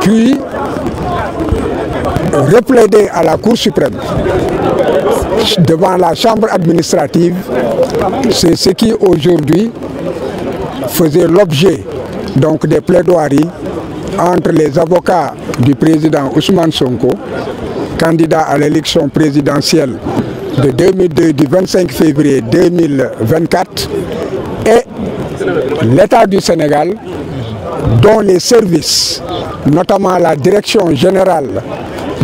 puis replaider à la Cour suprême devant la chambre administrative, c'est ce qui aujourd'hui faisait l'objet donc des plaidoiries entre les avocats du président Ousmane Sonko, candidat à l'élection présidentielle de 2002 du 25 février 2024 et l'État du Sénégal dont les services, notamment la direction générale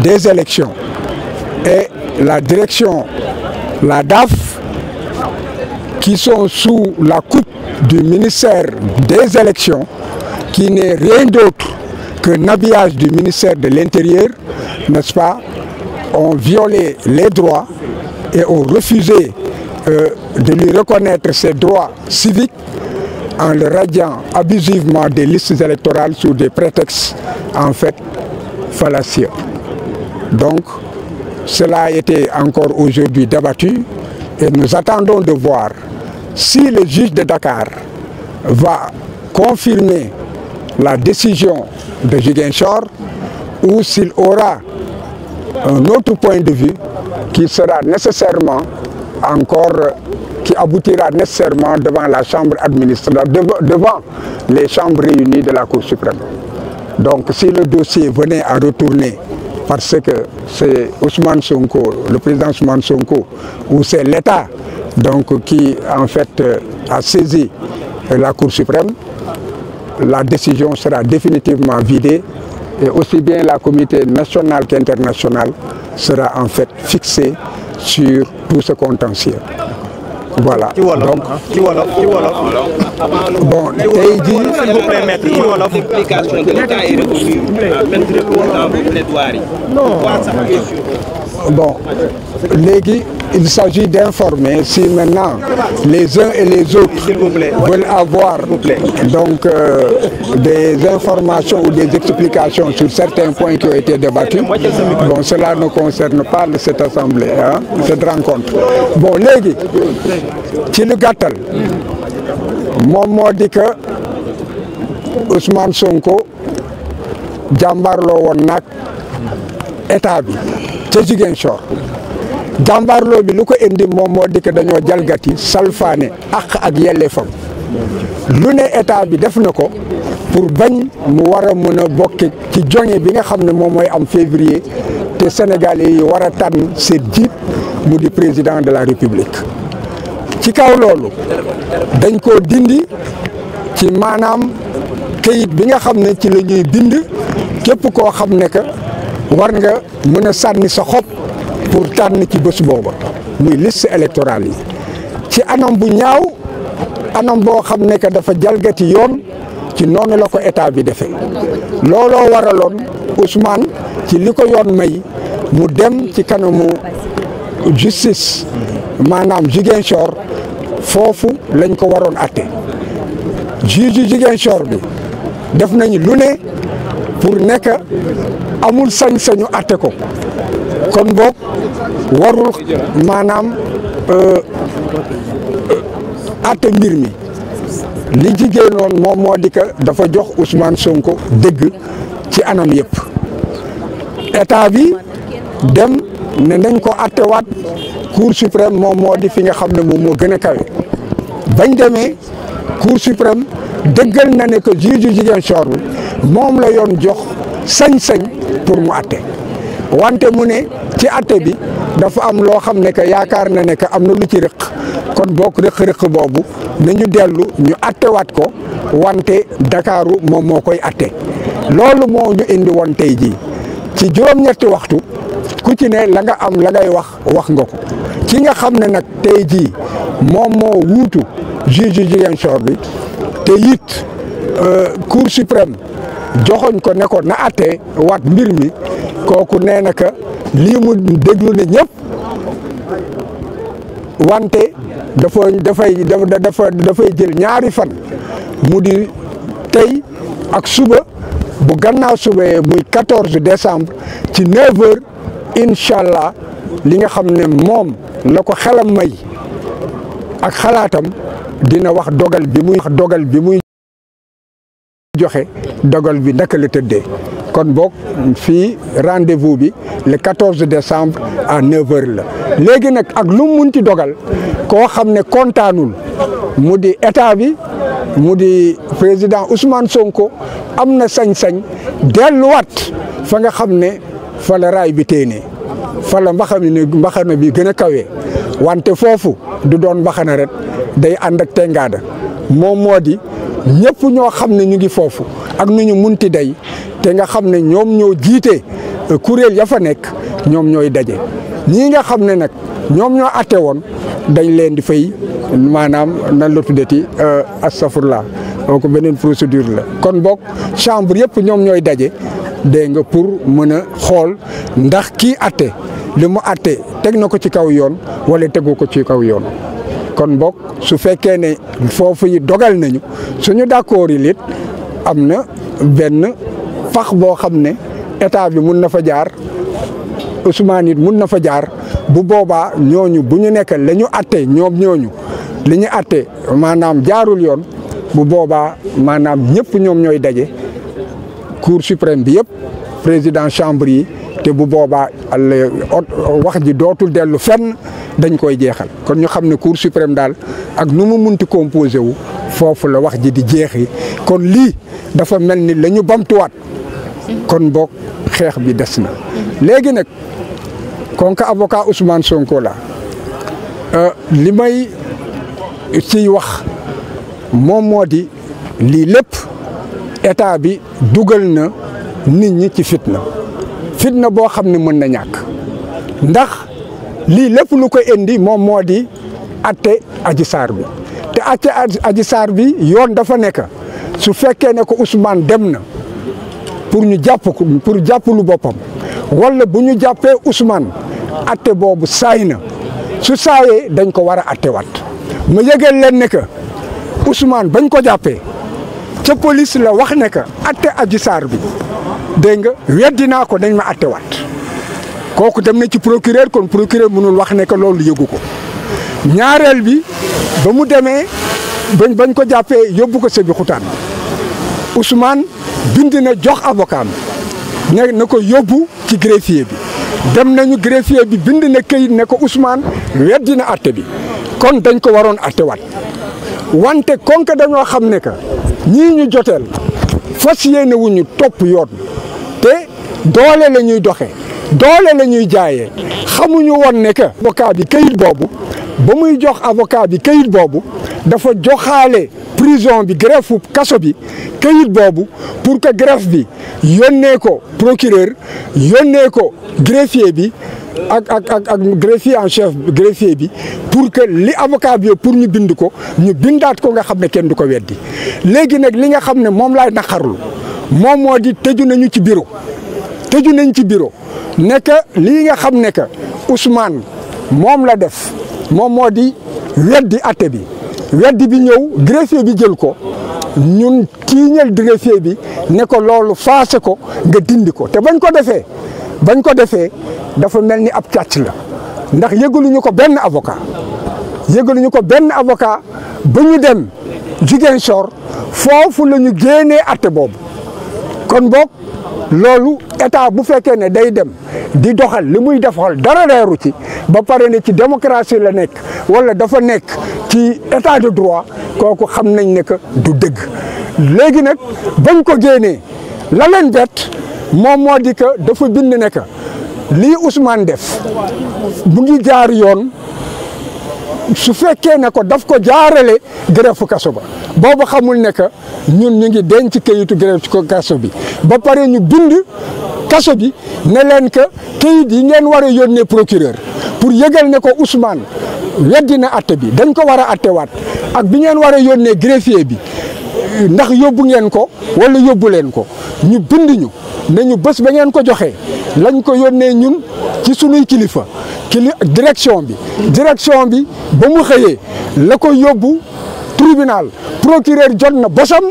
des élections et la direction, la DAF, qui sont sous la coupe du ministère des élections, qui n'est rien d'autre qu'un habillage du ministère de l'Intérieur, n'est-ce pas, ont violé les droits et ont refusé euh, de lui reconnaître civiques en le radiant abusivement des listes électorales sous des prétextes en fait fallacieux. Donc, cela a été encore aujourd'hui débattu et nous attendons de voir si le juge de Dakar va confirmer la décision de Jiguenchor ou s'il aura un autre point de vue qui sera nécessairement encore qui aboutira nécessairement devant la chambre administrative, devant les chambres réunies de la Cour suprême. Donc si le dossier venait à retourner parce que c'est Ousmane Sonko, le président Ousmane Sonko, ou c'est l'État donc qui en fait euh, a saisi la Cour suprême, la décision sera définitivement vidée et aussi bien la communauté nationale qu'internationale sera en fait fixée sur tout ce contentieux. voilà donc ci wolof ci wolof bon tey jii. Euh, bon léegi il s'agit d'informer si maintenant les uns et les autres veulent avoir donc euh, des informations ou des explications sur certains points qui ont été débattus bon cela ne concerne pas cette assemblée cette rencontre bon léegi ci lu moom moo di que Ousmane Sonko jàmbarloo woon nag état bi ca Ziguinchor jàmbaarloo bi lu ko indi moom moo di dañoo jalgati salfaane àq ak yelleefam lu ne état bi def na ko pour bañ mu war a mën a bokk ci joŋe bi nga xam ne moom mooy am février te Sénégalais yi war a tànn seen jiit mu di président de la république ci kaw loolu dañ koo dindi ci maanaam kayit bi nga xam ne ci la bind képp koo xam ne que war nga mën a sànni sa xob pour tànn ci bés booba muy liste électorale yi ci anam bu ñaaw anam boo xam ne que dafa jalgati yoon ci noonu la ko état bi defee looloo waraloon Ousmane ci li ko yoon may mu dem ci kanamu justice maanaam Ziguinchor foofu lañ ko waroon atte juge Ziguinchor bi def nañ lu ne pour nekk amul sañ-sañu atte ko kon boog warul maanaam euh, euh, atte mbir mi li ci génnoon moom moo di dafa jox Ousmane Sonko dëgg ci anam yëpp état bi dem. ne nañ ko attewaat cour suprême moom moo di fi nga xam ne moom moo gën a kawe bañ demee cour suprême dëggal na ne que juge Ziguinchor bi moom la yoon jox sañ-sañ pour mu atte wante mu ne ci atte bi dafa am loo xam ne que yaakaar na ne que am na lu ci rëq kon bokk rëq-rëq boobu nañu dellu ñu attewaat ko wante Dakaaru moom moo koy atte loolu moo ñu indi woon tey jii ci juróom-ñetti waxtu ku ci ne la nga am la ngay wax wax nga ko ci nga xam ne nag tey jii moom moo wuutu juge Ziguinchor bi te it euh, cour suprême joxoñ ko ne ko na attee waat mbir mi kooku nee na ka lii mu déglu ne ñëpp wante dafa dafay dafa jël ñaari fan mu di tey ak suba bu gannaaw suba muy 14 décembre ci 9 heures incha allah li nga xam ne moom la ko xelam may ak xalaatam dina wax dogal bi muy wax dogal bi muy joxe dogal bi naka la tëdde kon book fi rendez-vous bi le 14 décembre à 9h la léegi nag ak lu mu munti dogal koo xam ne kontaanul mu di état bi mu di président Ousmane Sonko am na sañ-sañ delluwaat fa nga xam ne. fa la raay bi téenee fa la mbaxam mbaxana bi gën a kawee wante foofu du doon mbaxana rek day ànd ak tengaada moom moo di ñëpp ñoo xam ne ñu ngi foofu ak nu ñu munti day te nga xam ne ñoom ñoo jiite eh, kuréel ya fa nekk ñoom ñooy daje ñii nga xam ne nag ñoom ñoo atte woon dañ leen di fay maanaam nan la tuddati eh, astafurla donc beneen procédure la kon boog chambre yëpp ñoom ñooy daje dégg nga pour mën a xool ndax kii atte li mu atte teg na ko ci kaw yoon wala tegu ko ci kaw yoon kon bokk su fekkee ne foofu yi dogal nañu suñu d'accord yi lit am na benn fax boo xam ne état bi mun na fa jaar Ousmane it mun na fa jaar bu boobaa ñooñu bu ñu nekk lañu ñu atte ñoom ñooñu li ñu atte maanaam jaarul yoon bu boobaa maanaam ñëpp ñoom ñooy daje cour suprême bi yëpp président chambre yi te bu boobaa wax ji dootul dellu fenn dañ koy jeexal kon ñu xam ne cour suprême daal ak nu mu munti composé wu foofu la wax ji di jeexi kon lii dafa mel ni lañu ñu bamtuwaat kon boog xeex bi des na léegi nag kon ka avocat Ousmane Sonko la euh, li may si wax moom moo di lii lépp état bi dugal na nit ñi ci fitna fitna boo xam ne mën na ñàkk ndax lii lépp lu ko indi moom moo di atte aji saar bi te atte aji saar bi yoon dafa nekk su fekkee ne ko Ousmane dem na pour ñu jàpp ko pour jàppalu boppam walla bu ñu jàppee Ousmane atte boobu saay na su saayee dañ ko war a attewaat ma yëgal leen ne que Ousmane bañ ko jàppee. ca police la wax ne que atte Adji Sarr bi dégg nga weddi naa ko dañ ma atte waat kooku dem na ci procureur kon procureur mënul wax ne que loolu yëgu ko ñaareel bi ba mu demee bañ bañ ko jàppee yóbbu ko sëbi xutaan Ousmane bind na jox avocat bi ne na ko yóbbu ci greffier bi dem nañu greffier bi bind na këyit ne ko Ousmane weddi na atte bi kon dañ ko waroon atte waat wante konk dañoo xam ne que ñii ñu joteel fas yéene wuñu topp yoon te doole la ñuy doxee doole la jaaye xamuñu woon ne que avocat bi kayit boobu ba muy jox avocat bi kayit boobu dafa joxaale prison bi greffe kaso bi kayit boobu pour que greffe bi yónnee ko procureur yónnee ko greffier bi ak ak ak ak greffier en chef greffier bi pour que li avocat bi pour ñu bind ko ñu bindaat ko nga xam ne kenn du ko weddi léegi nag li nga xam ne moom laay naqarlu moom moo di tëju nañu ci bureau tëju nañ ci bureau nekk lii nga xam ne que Ousmane moom la def moom moo di weddi atte bi weddi bi ñëw greffier bi jël ko ñun tiiñal greffier bi ne ko loolu faase ko nga dindi ko te bañ ko defee bañ ko defee dafa mel ni ab càcc la ndax yëgaluñu ko benn avocat yëgaluñu ko benn avocat ba ñu dem Ziguinchor foofu lañu ñu génnee atte boobu kon boog loolu état bu fekkee ne day dem di doxal li muy defal dara leeru ci ba pare ne ci démocratie la nekk wala dafa nekk ci état de droit kooku xam nañ ne que du dëgg léegi nag bañ ko génnee la leen bett moom moo di que dafa bind ne que lii Ousmane def mu ngi jaar yoon su fekkee ne ko daf ko jaarale greffu kaso ba boobu xamul ne que ñun ñu ngi denc kayitu greffu kaso bi ba pare ñu bind kaso bi ne leen que kayit yi ngeen war a yónnee procureur pour yëgal ne ko Ousmane weddi na atte bi dañ ko war a attewaat ak bi ngeen war yónnee greffier bi ndax yóbbu ngeen ko wala yóbbu leen ko. ñu bind ñu ne ñu bés ba ngeen ko joxee lañ ko yónnee ñun ci suñuy kilifa kili direction bi direction bi ba mu xëyee la ko yóbbu tribunal procureur jot na bosam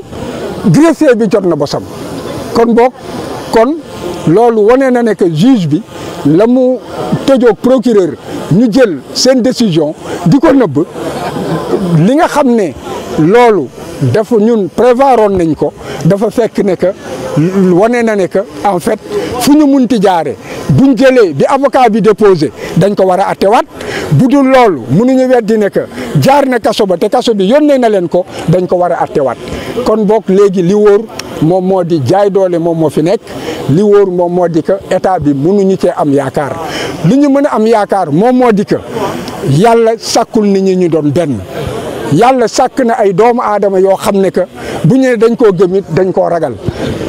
greffier bi jot na bosam kon book kon loolu wane na ne que juge bi la mu tëjoog procureur ñu jël seen décision di ko nëbb li nga xam ne loolu dafa ñun prévoir prévoiroon nañ ko dafa fekk ne que wane na ne que en fait fu ñu munti jaare buñ jëlee bi avocat bi déposé dañ ko war a attewaat bu dul loolu mënuñu weddi ne que jaar na kaso ba te kaso bi yónnee na leen ko dañ ko war a attewaat kon boog léegi li wóor moom moo di jaay doole moom moo fi nekk li wóor moom moo di que état bi mënuñu cee am yaakaar li ñu mën a am yaakaar moom moo di ka yàlla sàkkul nit ñu ñu doon benn yàlla sàkk na ay doomu aadama yoo xam ne que bu ñu ne dañ koo gëm it dañ koo ragal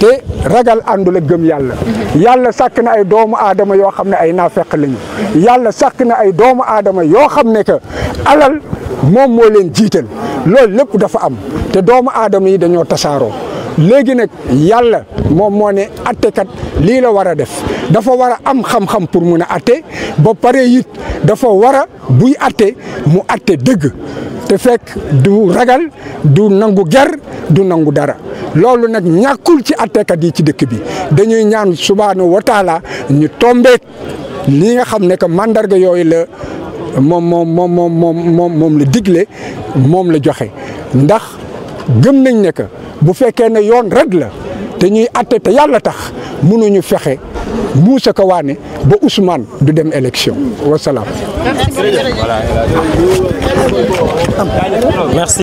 te ragal àndul ak gëm yàlla yàlla sàkk na ay doomu aadama yoo xam ne ay naafeq lañu yàlla sàkk na ay doomu aadama yoo xam ne que alal moom moo leen jiital loolu lépp dafa am te doomu aadama yi dañoo tasaaroo léegi nag yàlla moom moo ne attekat lii la war a def dafa war a am xam-xam pour mun a atte ba pare it dafa war a buy atte mu atte dëgg te fekk du ragal du nangu ger du nangu dara loolu nag ñàkkul ci attekat yi ci dëkk bi dañuy ñaan subhaanahu wa ñu tombeek li nga xam ne que mandarga yooyu la moom moom moom la digle moom la joxe ndax gëm nañ ne que bu fekkee ne yoon rek la te ñuy atte te yàlla tax mënuñu fexe Moussa Kawane ba Ousmane du dem élection wasalaam. Merci.